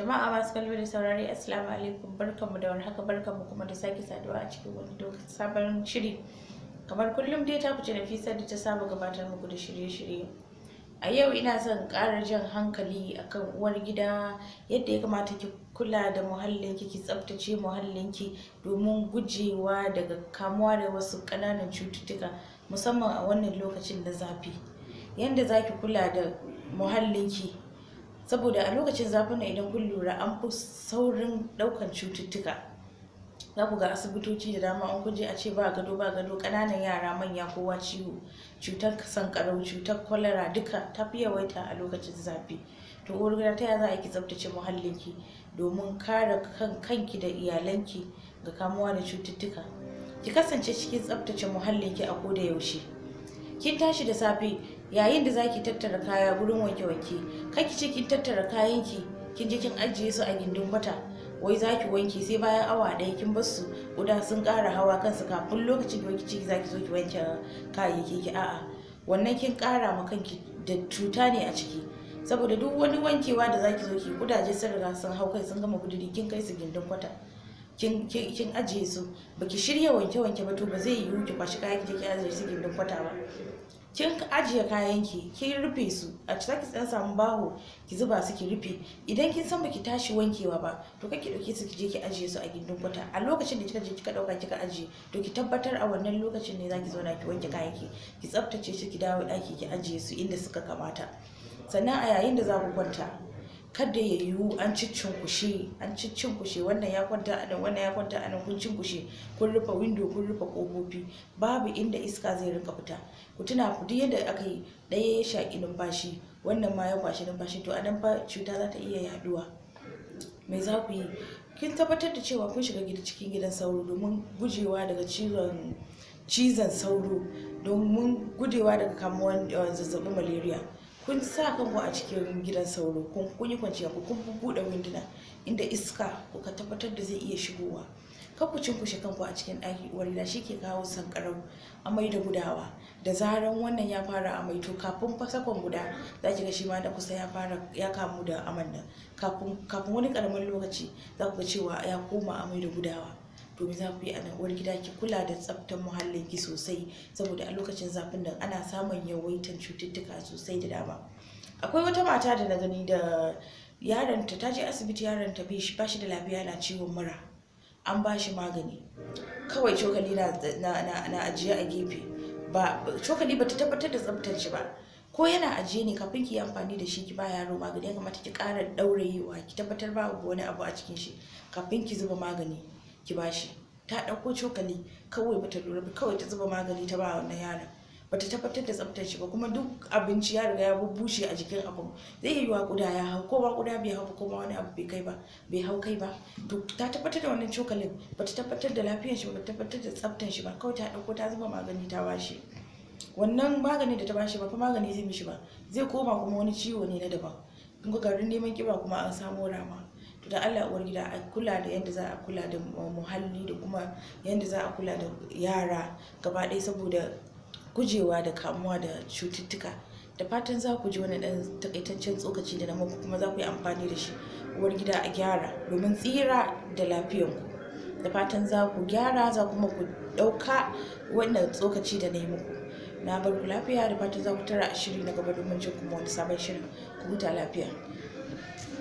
Jama'a masu kallo da saurari Assalamu alaikum barkanmu da warhaka barkanmu kuma da sake saduwa a cikin wani sabon shiri. Kamar kullum dai ta fice Nafisa da ta samu gabatar muku da shirye-shirye. A yau ina son ƙara jan hankali a kan uwar gida yadda ya kamata ki kula da muhallinki ki tsaftace muhallinki domin gujewa daga kamuwa da wasu ƙananan cututtuka musamman a wannan lokacin da zafi. yadda za ki kula da muhallinki saboda a lokacin zafin nan idan kun lura an fi saurin ɗaukan cututtuka za ku ga asibitoci da dama an kuje a ce ba gado ba gado kananan yara manya kowa ciwo cutar sankarau cutar kwalara duka ta fi yawaita a lokacin zafi to wurin ta za a ki tsabtace muhallinki domin kare kan kanki da iyalanki ga kamuwa da cututtuka ki kasance cikin tsabtace muhallinki a koda yaushe kin tashi da safe yayin da zaki tattara kaya gurin wanke-wanke kaki ce kin tattara kayanki kin je kin ajiye su a gindin kwata wai zaki wanke sai bayan awa daya kin bar su guda sun ƙara hawa kansu kafin lokacin da ciki zaki zo ki wanke kayayyaki ki a'a wannan kin ƙara ma kanki da cuta ne a ciki saboda duk wani wankewa da zaki zo ki kudaje sun riga sun hau kai sun gama kuduri kin kai su gindin kwata kin ajiye su baki shirya wanke-wanke ba to ba zai yiwu ki kwashi kayan ki je ki ajiye su gindin kwata ba kin ajiye kayan ki kin rufe su a cikin ki dan samu baho ki zuba su ki rufe idan kin san baki tashi wankewa ba to kake dauke su ki je ki ajiye su a gindin kwata a lokacin da kika je kika dauka kika ajiye to ki tabbatar a wannan lokacin ne zaki na ki wanke kayan ki ki tsaftace shi ki dawo daki ki ajiye su inda suka kamata sannan a yayin da za ku kwanta kada ya yiwu an ciccinkushe an kushe wannan ya kwanta a nan wannan ya kwanta a nan kun cinkushe kun rufe window kun rufe kofofi babu inda iska zai rinka fita ku tuna ku duk yadda aka yi ɗaya ya shaƙi numfashi wannan ma ya kwashi numfashi to a nan fa cuta za ta iya yaduwa me za ku yi kin tabbatar da cewa kun shiga gida cikin gidan sauro domin gujewa daga cizon cizon sauro domin gujewa daga kamuwar eh, zazzabin malaria kun sa kanku a cikin gidan sauro kun yi kwanciya ku kun buɗe winduna inda iska kuka tabbatar da zai iya shigowa ka ku kanku a cikin ɗaki uwar shi ke kawo sankarau amai da gudawa da zaran wannan ya fara amai to kafin fasakon guda za ki ga shi ma da kusa ya fara ya kamu da aman nan kafin wani karamin lokaci za ku ga cewa ya koma amai da gudawa domin za ku yi a nan uwar gida ki kula da tsaftar muhallin ki sosai saboda a lokacin zafin nan ana samun yawaitan cututtuka sosai da dama akwai wata mata da na gani da yaronta ta je asibiti yaronta ba shi da lafiya na ciwon mura an ba magani kawai cokali na ajiye a gefe ba cokali bata tabbatar da tsaftar shi ba ko yana ajiye ne kafin ki yi amfani da shi ki ba yaro magani ya kamata ki ƙara ɗaurayewa ki tabbatar babu wani abu a cikin shi kafin ki zuba magani ki bashi ta ɗauko cokali kawai bata lura ba kawai ta zuba magani ta ba wannan yaron bata tabbatar da tsaftar shi ba kuma duk abinci ya riga ya bubbushe a jikin abu zai yi wa kuda ya hau ko ba kuda bai hau ko wani abu bai kai ba bai hau kai ba to ta tabbatar da wannan cokalin bata tabbatar da lafiyar shi ba bata tabbatar da tsaftar shi ba kawai ta ɗauko ta zuba magani ta bashi wannan magani da ta bashi ba fa magani zai mishi ba zai koma kuma wani ciwo ne na daban kun ga garin neman kiba kuma an samo rama da Allah uwargida gida a kula da yadda za a kula da muhalli da kuma yadda za a kula da yara gaba ɗaya saboda gujewa da kamuwa da cututtuka da fatan za ku ji wani ɗan takaitaccen tsokaci da na muku kuma za ku yi amfani da shi uwar gida a gyara domin tsira da lafiyanku da fatan za ku gyara za kuma ku ɗauka wannan tsokaci da na yi muku na bar ku lafiya da fatan za ku tara a shiri na gaba domin jin kuma wani sabon shirin ku huta lafiya